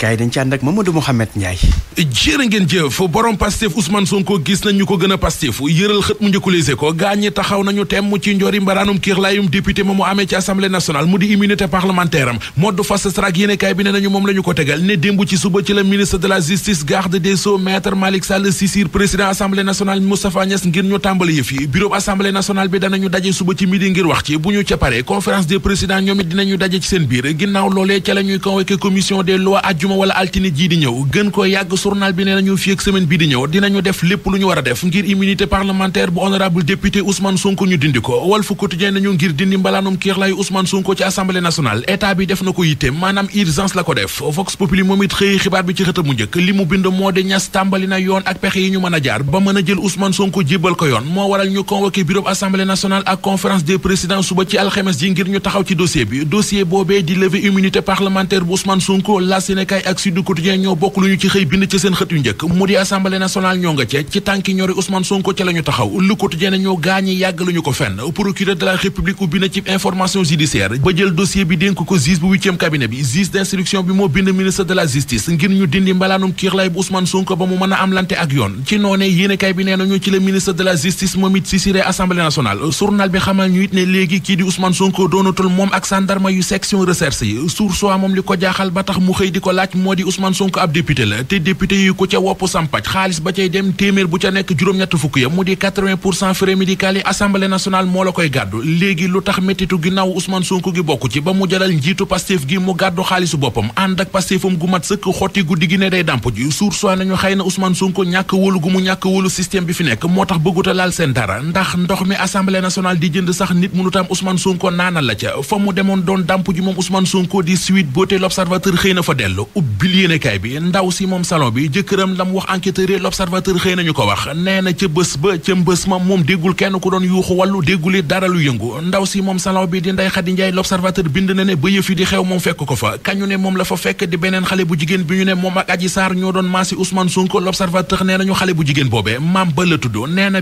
yéenekaay dañ ci ànd ak Mamadou Mouhamed Ndiaye jërë ngeen jëf borom Pastef Ousmane gis nañ ko gën a Pastef xët mu njëkkulise ko gaañi taxaw nañu teem ci njori mbaraanum kiirlaayum député ma mu amee ci assemblée nationale mu di immunité parlementaire am mode fast track yéenekaay bi nañu moom la ko tegal ne démb ci suba ci la ministre de la justice garde des sceaux maître Malick Sall Sisir président assemblée nationale Moustapha Niass ngir ñu tàmbali yëf àjjuma wala altine jii di ñëw gën koo yàgg journal bi nee nañu fi ak semaine bii di ñëw dinañu def lépp lu ñu war def ngir immunité parlementaire bu honorable député Ousmane Sonko ñu dindi ko Walf Quotidien nañu ngir dindi mbalaanum kiirlaayu Ousmane Sonko ci assemblée nationale état bi def na ko yitte maanaam urgence la ko def Vox Populi moom it xibaar bi ci xëta mu njëkk li mu bind moo di ñas tàmbali na yoon ak pexe yi ñu mën jaar ba mën jël Ousmane kaay ak Sud Quotidien ñoo bokk lu ñu ci xëy bind ci seen xët yu njëkk mu di assemblée nationale ñoo nga ca ci tànki ñori Ousmane Sonko ca la taxaw lu ko fenn procureur ci dindi mbalaanum kiirlay bu Ousmane Sonko ba mu mën a am lante ak yoon ci noone yéenekaay bi nee nañu ci la ministre de la justice moom it sisiré assemblée nationale journal bi xamal ñu it ne léegi kii di Ousmane Sonko doonatul moom ak sandarma yu section recherche yi source moom li ko moo di Ousmane Sonko ab député la te député yi ku ca wopp sampac xaalis ba cay dem téeméer bu ca nekk juróom-ñett fukk ya mu di 80 pour cent frais médical yi assemblée nationale moo la koy gàddu léegi lu tax méttitu ginnaaw Ousmane Sonko gi bokk ci ba mu jaral njiitu Pastef gi mu gàddu xaalisu boppam ànd ak Pastefam gu mat sëkk xotti guddi gi ne day dàmp ji suur soi nañu xëy na Ousmane Sonko ñàkk wóolu gu mu ñàkk wóolu système bi fi nekk moo tax bëgguta laal seen dara ndax ndox mi assemblée nationale di jënd sax nit mënu tam Ousmane Sonko naanal la ca fa mu demoon doon dàmp ji moom Ousmane xëy na fa dellu ubbil yéenekaay bi ndaw si moom salon bi jëkkëram la wax enquêteur yi xëy nañu ko wax nee na ca bés ba ca mbés ma moom déggul kenn ku doon yuuxu wàllu dégguli dara lu yëngu ndaw si moom salon bi di Ndeye Khady Ndiaye l'observateur bind na ne ba yëf yi di xew moom fekk ko fa kañu ne moom la fa fekk di beneen xale bu jigéen bi ñu ne moom ak Adji Sarr ñoo doon maasi Ousmane Sonko l'observateur nee nañu xale bu jigéen boobee maam ba la tudd nee na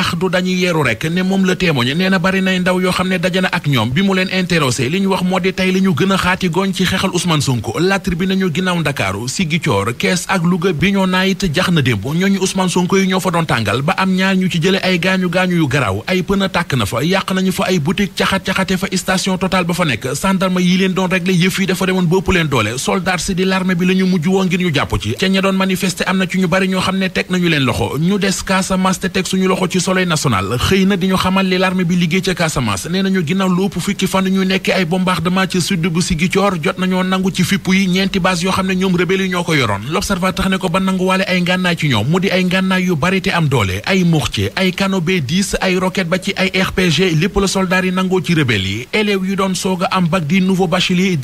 ndax du dañuy yeeru rek ne moom la témoigné nee na bari nay ndaw yoo xam ne dajana ak ñoom bi mu leen interrogé li ñu wax moo di tey li ñu a xaati goñ ci xeexal Ousmane Sonko la tribune ñu ginnaaw Ndakaaru Ziguinchor Kees ak Louga bi ñoo naayit jax na démb ñooñu Ousmane Sonko yi ñoo fa doon tàngal ba am ñaar ñu ci jële ay gaañu-gaañu yu garaaw ay pën a tàkk na fa yàq nañu fa ay boutique caxat-caxate fa station Total ba fa nekk sandarma yi leen doon régler ci soleil national xëy na di ñu xamal li l'armée bi liggéey ca Casamance nee nañu ginnaaw lu ëpp fukki fan ñu nekkee ay bombardement ci sud bu Ziguinchor jot nañoo nangu ci fipp yi ñeenti base yoo xam ne ñoom rebelle yi ñoo ko yoroon l'observateur ne ko ba nanguwaale ay ngànnaay ci ñoom mu di ay ngànnaay yu bari te am doole ay mortier ay canon B10 ay roquette ba ci ay RPG lépp la soldats yi nangoo ci rebelle yi élèves yu doon soog a am bac di nouveau bachelier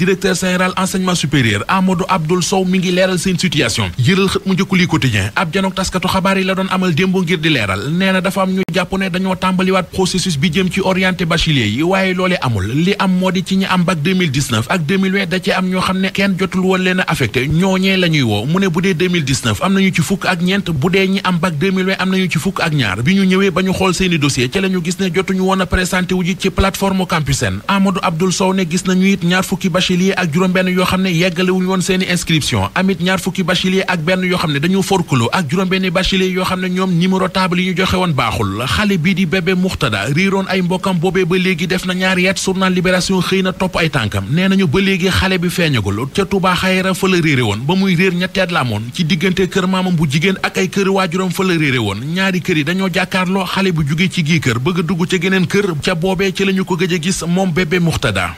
am ñu jàpp ne dañoo tàmbaliwaat processus bi jëm ci orienté bachelier yi waaye loolee amul li am moo di ci ñi am bac 2019 ak 2020 da cee am ñoo xam ne kenn jotul woon leen a affecté ñooñee la ñuy woo mu ne bu dee 2019 am nañu ci fukk ak ñeent bu dee ñi am bac 2020 am nañu ci fukk ak ñaar bi ñu ñëwee ba ñu xool seeni dossier ci la ñu gis ne jotuñu woon a présenté wu ji ci plateforme Campusen Amadou Abdoul Sow ne gis nañu it ñaar fukki bachelier ak juróom-benn yoo xam ne yeggalewuñu woon seeni inscription amit ñaar fukki bachelier ak benn yoo xam ne dañu forkulo ak juróom-benn bachelier yoo xam ne ñoom numéro table yi ñu joxe baaxul la xale bii di bébé muxtada réeroon ay mbokkam boobee ba léegi def na ñaari at journal libération xëy na topp ay tànkam nee nañu ba léegi xale bi feeñagul ca Touba Xayra fa la woon ba muy réer ñetti at la ci diggante kër maamam bu jigéen ak ay kër waajuram fa la réere woon ñaari kër yi dañoo jàkkaarloo xale bu jóge ci gii kër bëgg dugg ca geneen kër ca boobee ci la ñu ko gëj a gis moom bébé muxtada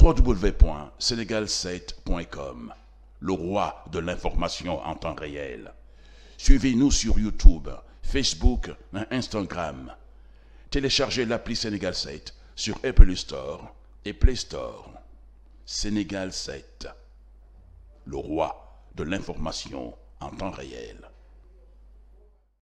www.senegal7.com le roi de l'information en temps réel Suivez-nous sur YouTube, Facebook et Instagram. Téléchargez l'appli Sénégal 7 sur Apple Store et Play Store. Sénégal 7, le roi de l'information en temps réel.